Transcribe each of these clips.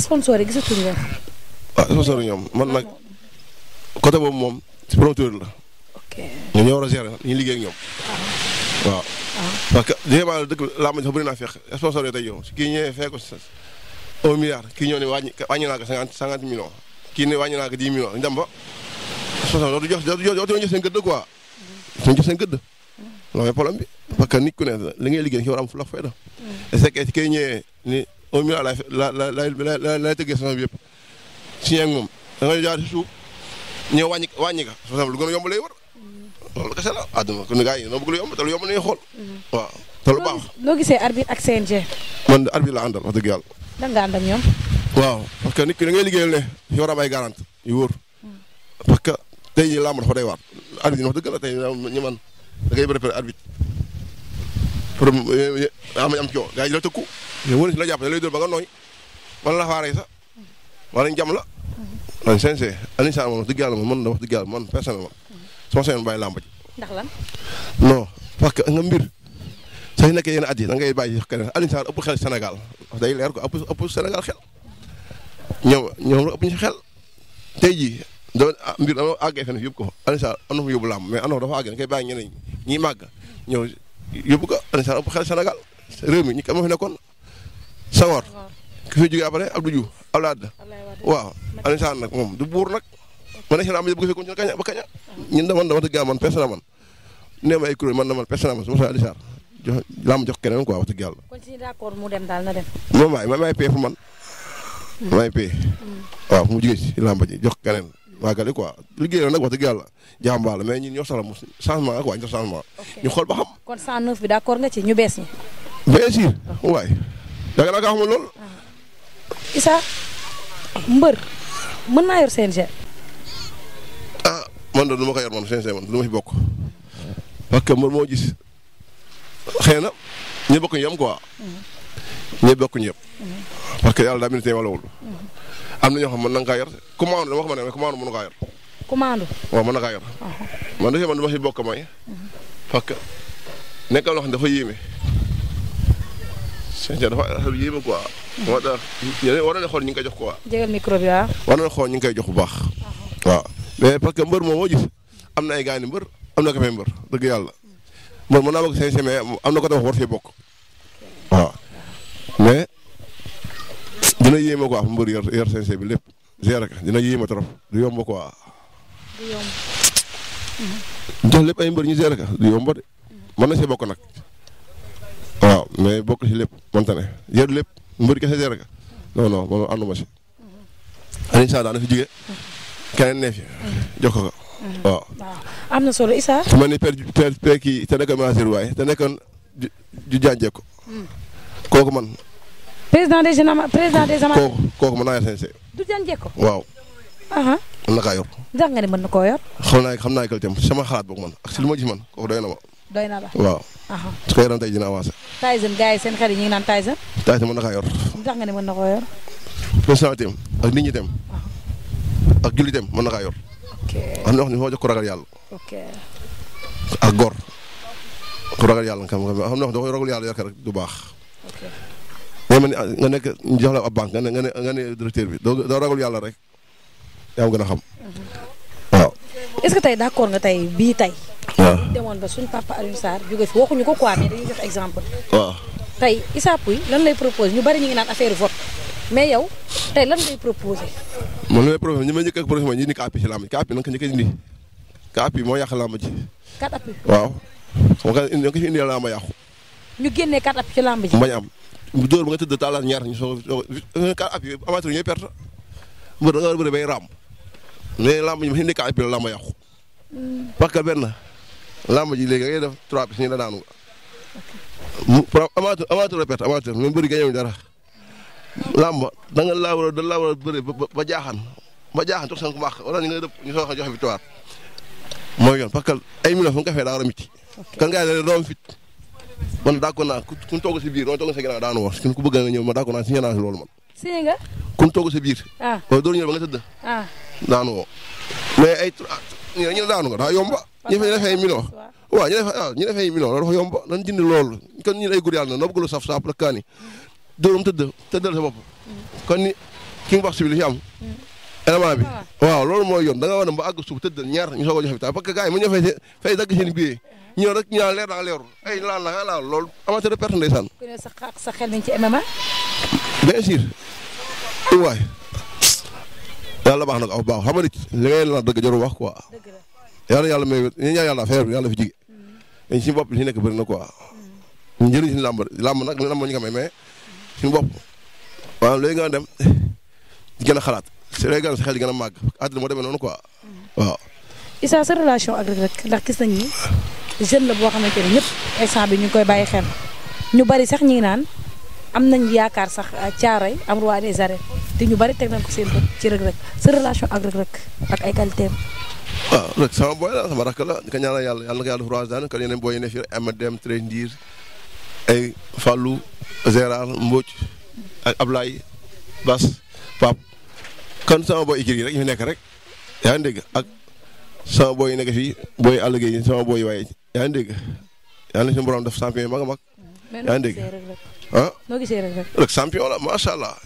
sponsor yi gisatuñu leen. man nag côté boobu moom ci promoteur la. ok ñoom ñoo war a gérer ñu liggéey ak ñoom. Ah. waaw ah. parce que li nga maanaam dëkk laa ma jox bëri naa feex sponsor yooyu tey yow kii ñëwee fekk ko si un kii ñëw ne wàññi wàññi naa ko cinquante cinquante millions kii ne wàññi naa ko dix millions jox dootu jox dootu jox seen gëdd quoi. suñu mm. parce que nit ku ne li ngay liggéey ki fu la fay da. te su fekkee au milieu à la la la la la la tëggee saison bi yëpp si ak moom da ngay jaar si suuf ñëw wàññi wàññi nga saison lu a yomb lay war loolu kese la àdduna kon gars lu yomb te lu yomb nañu xool. Mm-hmm. te lu baax. noo gisee arbitre ak CNG. man de arbitre la àndal wax dëgg yàlla. da nga ànd ak ñoom. waaw parce que nit ngay liggéeyal ne fi war a am ay garante yu wóor mm. parce que de jii làmb dafa day waar arbitre wax dëgg la tey ñu man da ngay préparé arbitre pour am am coow gars yi la tëkku. yow wërës la jàpp da lay dóor ba nga nooy man la faaree sax wala ñu jam la. man sincère Alioune Sarr moom wax dëgg yàlla moom man da wax dëgg yàlla man personnellement. su ma seen bàyyi làmb ji. ndax lan. non parce que nga mbir soo si nekkee yenn at yi da ngay bàyyi keneen Alioune Sarr ëpp xel Sénégal day leer ko ëpp ëpp Sénégal xel ñoom ñoom la ëpp ñu xel tey jii dama ah, mbir dama àggee fenn yóbbu ko fa Alioune Sarr am na fa yóbbu làmb mais am na fa dafa àggee da ngay bàyyi ñeneen ñi ñiy màgg ñëw yóbbu ko Alioune Sarr ëpp xel Sénégal réew mi ñi ko ma fi nekkoon Senghor ki fi jógee après Abdou Diouf Abdoulaye Wade waaw Alioune Sall nag moom du buur nag man ne si laa ma ko fi continué kaña ba kaña ñun dama dama dëgg man personne man nee ma ay kuréel man sa Alioune Sall jox jox keneen quoi wax dëgg yàlla. kon si d'accord mu dem moom waay ma may fu man. may pay. Mm. waaw fu mu jógee si làmba ji jox keneen. waa gale quoi liggéey nag wax dëgg yàlla jàmbaar la mais ñun ñoo soxla mu changement ak waa ñu def changement. ñu xool ba xam. kon 109 bi d'accord nga ci ñu bees ñi. bien sûr waay. da nga xamul lool. Ah. Issa mbër mën naa yor CNG. ah man de du ma ko yor man CNG man du ma fi bokk parce que mbër moo gis xëy na ñi bokk ñu yem quoi. Mm-hmm. ñi bokk ñu yem. parce que yàlla daa mel ni wala wul. Mm-hmm. am na ñoo xam man nanga kaa yor commande dama ko mën a mais commande mënu kaa yor. mën na kaa yor. Ah. man de man du ma fi bokk may. Mm-hmm. parce que nekkal loo xam dafa yéeme. Cheikh Ndiaye dafa xel yéeme quoi. moo tax war na la xool ñu ngi koy jox ko jégal micro ah. war na la xool ñu ngi koy jox bu baax. waaw mais parce que mbër moom moo gis am na ay gaañu mbër am na ko fay mbër dëgg yàlla mbër mën naa bëgg seen semaine am na ko dafa war fee bokk waaw mais mbër yor yor bi lépp gérer dina yéeme trop du yomb ko du yomb. lépp ay mbër ñu gérer ko du yomb de mën na see bokk nag. mais bokk ci lépp mënta ne yar lépp mbër kese yar nga non non man àndu ma si. Mhm. Alioune Sarr daal na fi jugee. Mhm. keneen ne fi mhm. jox ko ko. waaw am na solo Issa. su ma nee per per kii te nekkoon Maasir waaye te nekkoon ju ju jaajëf ko. kooku man. président des jeunes président des amas. kooku kooku mën naa waaw. mën na kaa yor. xam naa xam naa qualité sama xalaat boog man ak si lu ma gis man kooku doy na doy na la waaw. su ko yoroon tey dina avancé. Tyson gars yi seen xel yi ñu ngi naan Tyson. Tyson mën na kaa yor. li tax nga ne mën na koo yor. personnalité am ak nit ñi tam. ak jullitam mën na kaa yor. ok am na wax ni foo jox ko ragal yàlla. ok ak góor. ku ragal yàlla nga rek du baax. ok nga mel ni ah, nga nekk ñu jox la ab banque ne nga ne directeur bi doo doo yàlla rek yaa gën a xam. Mhm. waaw. est-ce que tey d'accord nga tey bii tey waaw demoon ba suñ papa Alioune Sarr jóge fi waxuñu ko quoi mais dañuy jox exemple. waaw lan lay proposé ñu bari ñu ngi naan affaire vote mais yow tey lan lay proposé. man li may proposé a mooy ñu indi ji na yi moo yàq làmb ji. quatre appuis waaw. sama kan indi nga ko si indi làmb yàqu. ñu génnee quatre appuis ci làmb ji. mbañ am bu dóor bu nga tëdd ñu bay raam mais làmb ji ma si indi la làmb yàqu hmm. parce que benn làmb ji léegi da ngay def trois bis nii la daanu nga. amateur amateur la perte amateur même bëri gañewuñ dara. làmb da nga laa war a da laa ba ba jaaxaan ba jaaxaan toog seen mbaax wala ñu ngi lay def ñu soog a joxe victoire mooy yoon parce que ay millions a miti. kan ngaa leen romb fit man d'accord naa ku ñu toog si biir loolu toog sa ginnaaw daanu wax ku bëgg nga ñëw ma d'accord naa si biir. ah loolu doo ñëw ba nga tëdd. Ah. ñu ne ñu daanu nga daa yomba. ñu def ay million waaw ñu def waaw ah, ñu def ay million loolu dafa yomba nañ dindi loolu kon ñun ay góor yàlla na nopp gëlu saf saap rek kaan yi dóoram tëdd tëddal sa bopp ni ki mu wax si bi li fi am mm-hmm. élément bi waaw loolu mooy yoon da nga war a ba àgg suuf tëddal ñaar ñu soog a joxe bi parce que gars fay fay dagg seen biir mm-hmm. ñëw rek ñu naan leer naa leerul ay laal naa laal loolu amateur perte ndeysaan. ku ne sa xel nañ ci MMA. bien sûr yàlla baax na ko aw baax xam nga li ngay la dëgg jarul wax quoi. yàlla yàlla may ñi ñaan yàlla affaire bi yàlla fi jige dañ mm-hmm. suñu bopp si nekk bëri na quoi. ñu jëriñ suñu làmb làmb nag làmb ñu ko may mais suñu bopp waaw léegi nga dem di a xalaat si léegi si xel di gën a màgg àddina moo demee noonu quoi mm-hmm. waaw. Issa sa relation ak rek ndax gis nañ ni jeune la boo xamante ne ñëpp instant bi ñu ngi koy bàyyi xel ñu bari sax ñi naan am nañ yaakaar sax euh, caaroy am roi des arènes te ñu bari teg nañ ko seen bët ci Reug Reug sa relation ak Reug Reug ak ay qualité am. waaw ah, Reug sama boy la sama rakk la di ko ñaanal yàlla yàlla na ko yàlla roi des arènes kon yeneen booy rek ñu nekk rek yaa ngi dégg ak sama boy yi nekk fii booy àll gi sama boy yi waaye yaa ngi dégg yaa ngi suñu borom def champion mag a mag mm-hmm. yaa ngi ah. noo gisee rek allah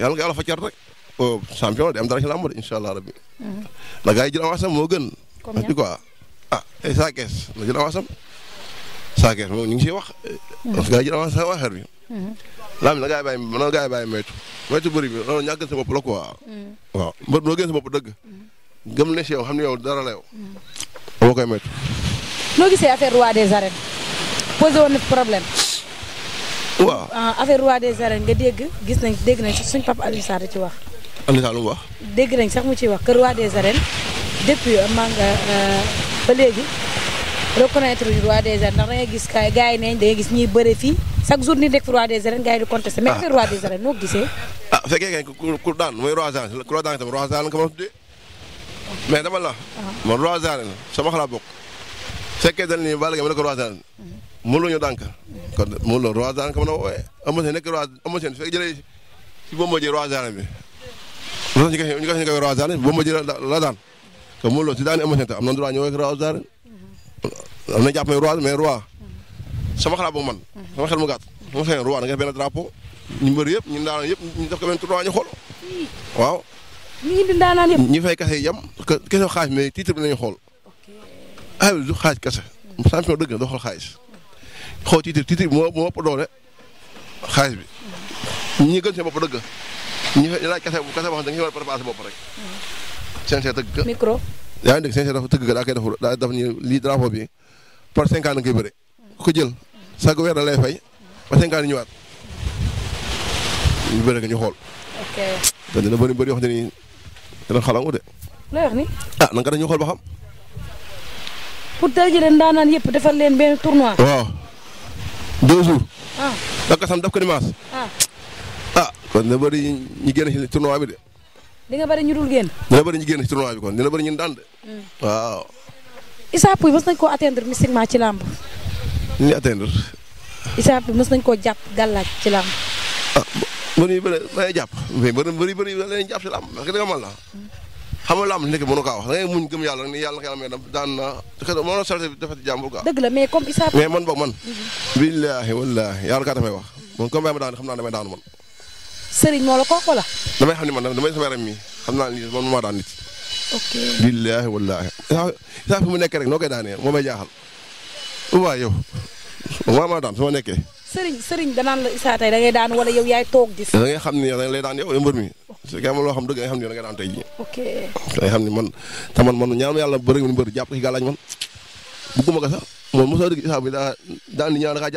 yàlla nga yàlla fa car rek. Oh, champion la di am dara ci làmb de incha allah rabbi. na mm-hmm. gars yi jël moo gën. comme ni quoi ah eh, saa kees na jël avance am saa kees moom ñu ngi siy wax. Mm-hmm. parce que gars yi jël avance am waxeer bi. Mm-hmm. laam na gars yi bàyyi na gars yi bàyyi moytu moytu bëri bi loolu ñàggal sa bopp la quoi. waaw mbër noo gën sa bopp dëgg. gëm ne si yow xam ne yow dara la yow. boo waaw ah, affaire roi des arènes nga dégg gis nañ dégg nañ suñ papa Alioune Sarr ci wax. Alioune Sarr wax. dégg nañ sax mu ciy wax que roi des arènes depuis euh, maa nga euh, ba léegi reconnaître ñu roi des arènes ndax da gis kaay gars yi gis ñuy bëre fii chaque jour ni nekk fi roi des arènes gars yi di mais ah. affaire roi des arènes noo gisee. ah bu fekkee ku ku daan mooy roi des arènes ku la daan itam roi des a mais dama la. Ah. man roi des arènes sama xalaat bokk. fekkee dañ ni Balla mënuloo ñu dànk kon mënuloo roi des arènes ka mën a woowee Eumeu Sène nekk roi Eumeu Sène su fekkee jëlee si Bombardier roi des arènes bi. lu tax ñu koy ñu koy koy roi des arènes Bombardier la daan kon mënuloo si daan Eumeu Sène tam am na droit ñu woowee roi des arènes am na jàpp ne roi mais roi sama xalaat bu man sama xel mu gàtt sama xel roi da nga benn drapeau ñu mbër yëpp ñu daan yëpp ñu def ko benn tournoi ñu xool waaw. ñu indi ndaanaan yëpp. ñi fay kase yam kese xaalis mais titre bi la ñu xool. ah du xaalis kese. champion dëgg la doo xool xaalis xoo tiitir tiitir moo moo ëpp doole xaalis bi. ñi gën seen bopp dëgg ñi fa laaj kese kese boo xam ne da nga a préparer sa bopp rek. CNCR tëgg ka micro. lii drapeau bi par cinq ans da nga bëre. ko jël sa weer da lay fay ba cinq ans di ñëwaat ñu bëre nga ñu xool. ok bëri bëri yoo nii ah nan nga dañu xool ba xam. pour tey jii dañ naan yëpp defal leen benn tournoi. deux jours. Ah. daf ko sam daf ko dimanche. Ah. ah kon dina bëri ñi génn ci de. di nga bëri ñu dul génn. dina bëri ñu génn ci bi kon ñu daan de. Mm. waaw. Issa Pouye mës nañ koo atteindre mystiquement ci làmb. li ñuy atteindre. Issa mës nañ koo jàpp gàllaaj ci làmb. ah ba ba ñuy bëri ba ñuy jàpp mais bëri bëri bëri da xam nga làmb nekk mënu kaa wax da ngay muñ yàlla ni yàlla nga yàlla may daan na mënoo saleté bi defati jàmbur quoi. man boog man. billaahi wallaahi yàlla kaa damay wax man comme ma daan xam naa damay daanu man. Serigne moo la ko wala. damay xam ni man damay sama yaram mi xam naa ni man maa daan nit. ok billaahi wallaahi. saa fi mu nekk rek noo koy daanee moo may jaaxal. waaw yow maa maa daan su nekkee sëriñ sëriñ danaan la Issa tey da ngay daan wala yow yaay toog di. da ngay xam ni yow da ngay daan yow mbër mi su fekkee loo xam dëgg da da ngay daan tey da man ko ci gàllaaj man bugguma ko sax moom mosoo dégg Issa da da ma koy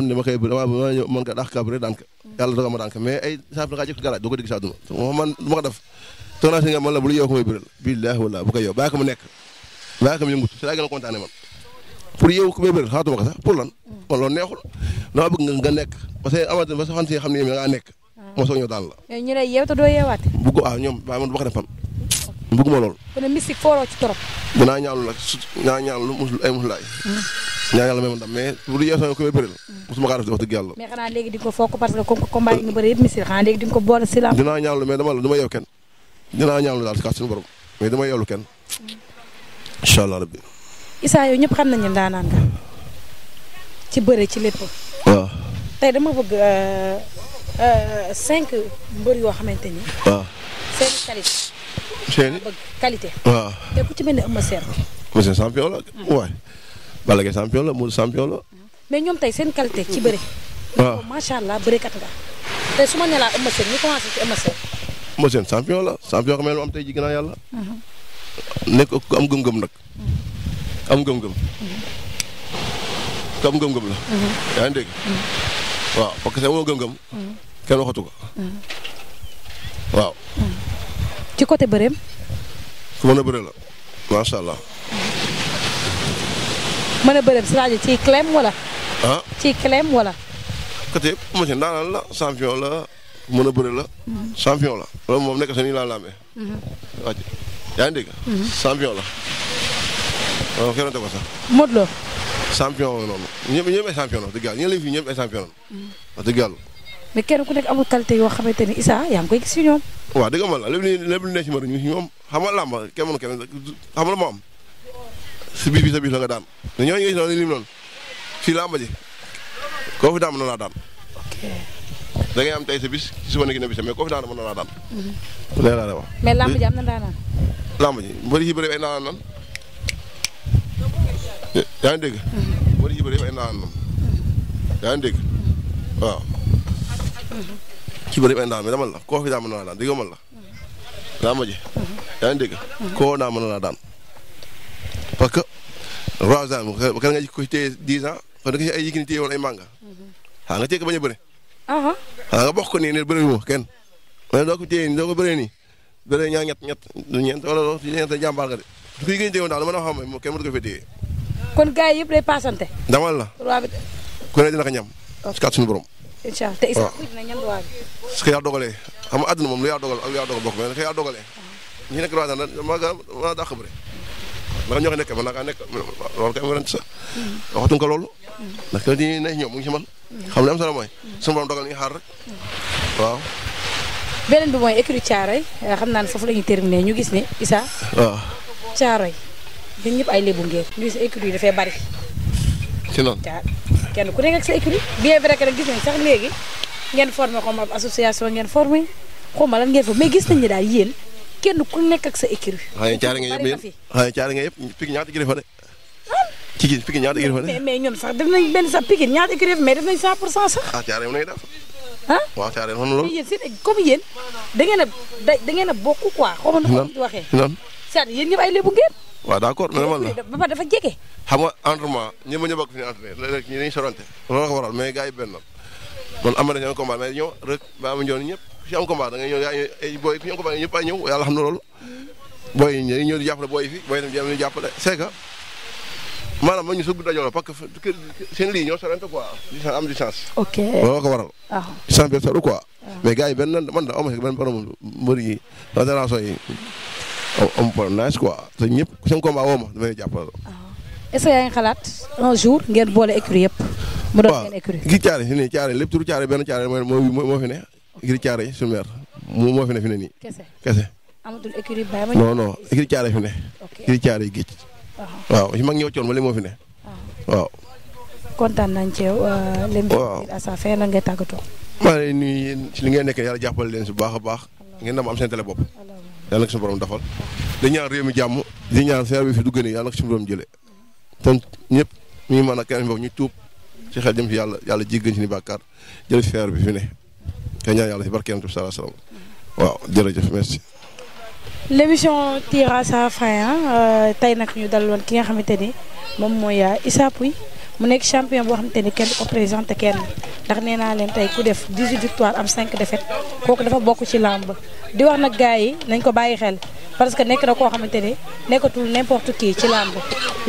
ma ñëw mën ko dàq kaa ma daan ko mais ay saaf ma ko def toog la bu lu yow ko may bu ko yow bàyyi ko mu nekk bàyyi ko mu yëngut si laa gën a kontaane man pour yow ku may bëri xaatuma ko sax pour lan. kon loolu neexul dama bëgg nga nekk parce que amaat ba sa fan si xam ne yow dangaa nekk. Ah. moo soog ñëw daal la. ñu lay yeew te doo yeewaate. bëgg waaw ah, ñoom waaye man wax ne fan. bëgguma lool. ma ndam mais bu du la. Hmm. mosuma kaa def mais xanaa léegi di nga ko fokk parce que comme combat yi nga bëri yëpp mystique xanaa léegi di nga ko boole ñaanlu mais dama la du ma yeew kenn dinaa ñaanlu daal si kaas suñu borom mais dama yeewlu kenn hmm. incha rabbi Issa yooyu ñëpp xam nañu ne daanaan nga ci bëre ci lépp. waaw tey dama bëgg euh, euh, cinq mbër yoo xamante ni. waaw seen qualité. seen qualité. waaw te ku ci mel ni Eumeu Sène. monsieur champion la. waay mm. Balla Gaye seen qualité ci bëre. waaw macha allah bërekat nga. tey su am tey ji gën yàlla. Mm-hmm. nekk am gëm-gëm nag. Mm-hmm. am gëm-gëm. te gëm la. Mhm. yaa ngi dégg. Mhm. waaw parce que te amoo gëm-gëm. Mhm. kenn waxatu ko. waaw. ci côté bëreem. ku mën a bëre la macha allah. mën a bëreem cest à ci clem ah? clem wala. côté yëpp monsieur ndaanaan la champion la mën a bëre la. champion la loolu moom nekk sa nii laa laamee. waa yaa ngi dégg. la. waaw xeronte ko sax. Modou Lo. champion la noonu ñoom ñoom ay champion la wax dëgg yàlla ñu ngi lay fi ñoom ay champion la. Mm. ku nekk amul yoo xamante ni Issa yaa ngi koy gis si ñoom. waaw dëgg ma la lépp lépp lu ne si mën ñu ñoom xam nga làmb kenn mën kenn xam la moo si biir bi sa biir la nga daan ñooñu nga gis noonu lim noonu si làmb ji koo daan mën na laa daan. ok da ngay am tey sa bis si suba nekk na bis a koo fi daan mën na laa mm-hmm. ji am na daanaan. làmb ji mbëri yi bëri ay naanaan yaa ngi dégg. war yi bëri yëpp ay ndaan la yaa ngi dégg waaw. Mm-hmm. ci bëri yëpp ay ndaan mais dama la koo fi daa mën naa daan dégg man la. daa mm-hmm. ma ji. Mm-hmm. yaa ngi dégg. koo daa mën naa daan. parce que trois ans ba kan nga ji ko téye dix ans kon da nga ay yëg ni téye woon ay mànga. xaa nga téye ko bañ a bëri. Uh-huh. xaa nga bokk ko nii ne bëriwul ma kenn. ma ne doo ko téye nii doo ko bëree nii bëree ñaar ñett ñett ñeent wala ñeent jàmbaar nga de. su ko yëgee ñu téye woon daal dama la xam ne kenn mënu ko fee téye kon gars yi yëpp lay paasante. damal la. roi bi ku ne dina ko ñam. si kàddu suñu borom. incha allah te isa dina ñam roi bi. su ko yaa dogalee xam nga àdduna moom lu yaa dogal ak lu yaa dogal bokk mais su ko yaa dogalee. ñi nekk roi dana maa gaa maa dàq bëre. man ñoo ko nekk man naa kaa nekk loolu kay ma ren sax. Mm-hmm. waxatuñ ko loolu. Mm-hmm. ndax kër yi ñuy ne ñoom mu ngi si man. xam ne am solo mooy. suñu borom dogal ñu xaar rek. Mm-hmm. waaw. beneen bi mooy écrit Thiaroye xam naa ne foofu la ñuy terminer ñu gis ne Issa. waaw Thiaroye ñun ñëpp ay lébu ngeen ñu sa écurie yi dafay bari. ci noonu kenn ku nekk ak sa écurie bien vrai que nag gis nañ sax léegi ngeen formé comme ab association ngeen formé xaw ma lan ngeen fa mais gis nañ ne daal yéen kenn ku nekk ak sa écurie. xëy na caare nga yëpp yéen xëy na caare nga yëpp pig ñaata écurie de. ci na ah, a da ngeen a bokk quoi. xaw ma nu ko waxee. naan naan. c'est-à-dire ay lébu ngeen. waaw d' accord normal la ba dafa jege. xam nga entraînement ñi ma ñu bokk fi ñu entraîné léeg-léeg ñi dañuy sorante loolu ko waral mais gars yi benn man am na ñoo combat mais ñëw rek ba am ñoo ñëpp si am combat da ngay ñëw yaa ay booy ku ñu am combat ñëpp ay ñëw yàlla xam na loolu mm-hmm. booy yi dañuy ñëw di jàppale booy yi fi booy itam jéem a ñu jàppale c' est que maanaam man ñu sëgg dajoo la parce que seen lii ñoo sorante quoi distance am distance. ok loolu ko waral. Ah. distance bi sori quoi. Ah. mais gars yi benn man da amu si benn problème mbër yi fédération yi am am nice quoi te ñëpp seen combat woo ma dama lay jàppale. Ah. est ce que yaa ngi xalaat un jour ngeen boole écurie yëpp. mu doon ngeen écurie waaw ngir caare si lépp turu caare benn caare mooy moo fi ne ngir caare sur mer moo moo fi ne fi ne nii. kese kese. amatul écurie bàyyi ma. non non ngir si li moo fi ne. Ah. kontaan nañ ci yow. lim bi à sa fin lan li ngeen nekk yàlla jàppale leen su bu baax a baax. ngeen dama am seen télé yàlla na ko sa borom defal di ñaan réew mi jàmm di ñaan seer bi fi dugg nii yàlla na ko sa borom jëlee kon ñëpp ñu mën a kenn foofu ñu tuub ci xel jëm ci yàlla yàlla jéggañ ci ni bàkkaar jële seer bi fi ne te ñaan yàlla ci barkeem tu sallallahu alayhi wasallam waaw jërëjëf merci l' émission sa fin euh, tey nag ñu daloon ki nga xamante ni moom mooy euh, Issa Pouye mu nekk champion boo xamante ni kenn du ko présenté kenn ndax nee naa leen tey ku def 18 victoire am 5 défaite kooku dafa bokk ci làmb di wax nag gars yi nañ ko bàyyi xel parce que nekk na koo xamante ni nekkatul n'importe qui ci làmb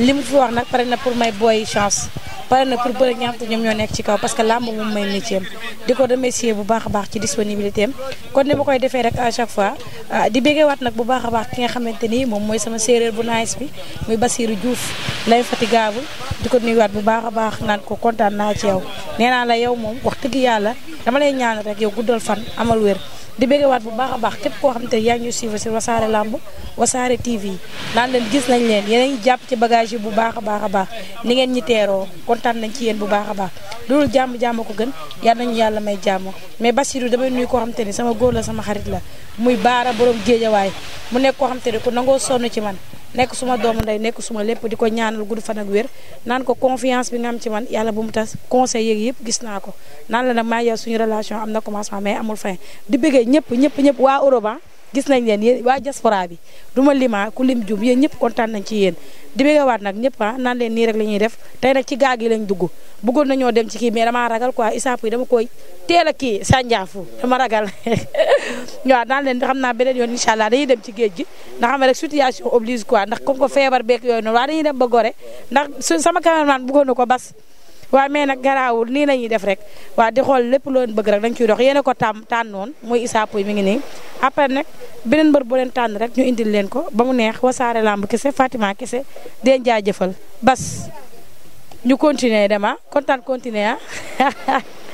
li mu fi wax nag pare na pour may booy chance pare na pour bëri ñaam te ñoom ñoo nekk ci kaw parce que làmb moom may métier am di ko remercier bu baax a baax ci disponibilité am kon ni ma koy defee rek à chaque fois ah, di béggeewaat nag bu baax a baax ki nga xamante ni moom mooy sama séeréer bu nice bi muy Basirou Diouf lay fatigable di ko nuyuwaat bu baax a baax naan ko kontaan naa ci yow nee naa la yow moom wax dëgg yàlla dama lay ñaan rek yow guddal fan amal wér di bëggewaat bu baax a baax képp koo xam te yaa ngi ñu suivre sur wasaare lamb wasaare TV naan leen gis nañ leen yéen a ngi jàpp ci bagage yi bu baax a baax a baax ni ngeen ñi teeroo kontaan nañ ci yéen bu baax a baax loolu jàmm-jàmm ko gën yal nañu yàlla may jàmm mais Bassirou damay nuyu koo xam te ni sama góor la sama xarit la muy baara boroom géejawaay mu nekk koo xam te ni ku nangoo sonn ci man nekk suma doomu ndey nekk suma lépp di ko ñaanal gudd fan wér naan ko confiance bi nga am ci man yàlla bu mu tas conseil yeeg yëpp gis naa ko naan la nag maa yow suñu relation am na commencement mais amul fin di bëggee ñëpp ñëpp ñëpp waa Europe ah. gis nañ leen yéen waa diaspora bi du ma lima ah ku lim jum yéen ñëpp kontaan nañ ci yéen di bégewaat nag ñëpp ah naan leen nii rek la ñuy def tey nag ci gaag yi lañ dugg bëggoon nañoo dem ci kii mais damaa ragal quoi isaap yi dama koy teel a kii sànjaafu dama ragal waaw naan leen xam naa beneen yoon incha allah dañuy dem ci géej gi ndax xam rek situation oblige quoi ndax comme que feebar beeg yooyu noonu waa dañuy dem ba gore ndax sama cameraman buggoon na ko bas waaw mais nag garaawul nii la ñuy def rek waa di xool lépp loo bëgg rek dañ ciy dox yéen a ko tàmm tànnoon mooy Issa Pouye mi ngi nii après nag beneen mbër bu tànn rek ñu indil leen ko ba mu neex wasaare lamb kese Fatima kese deen jaajëfal bas ñu continuer dama kontaan continuer ah.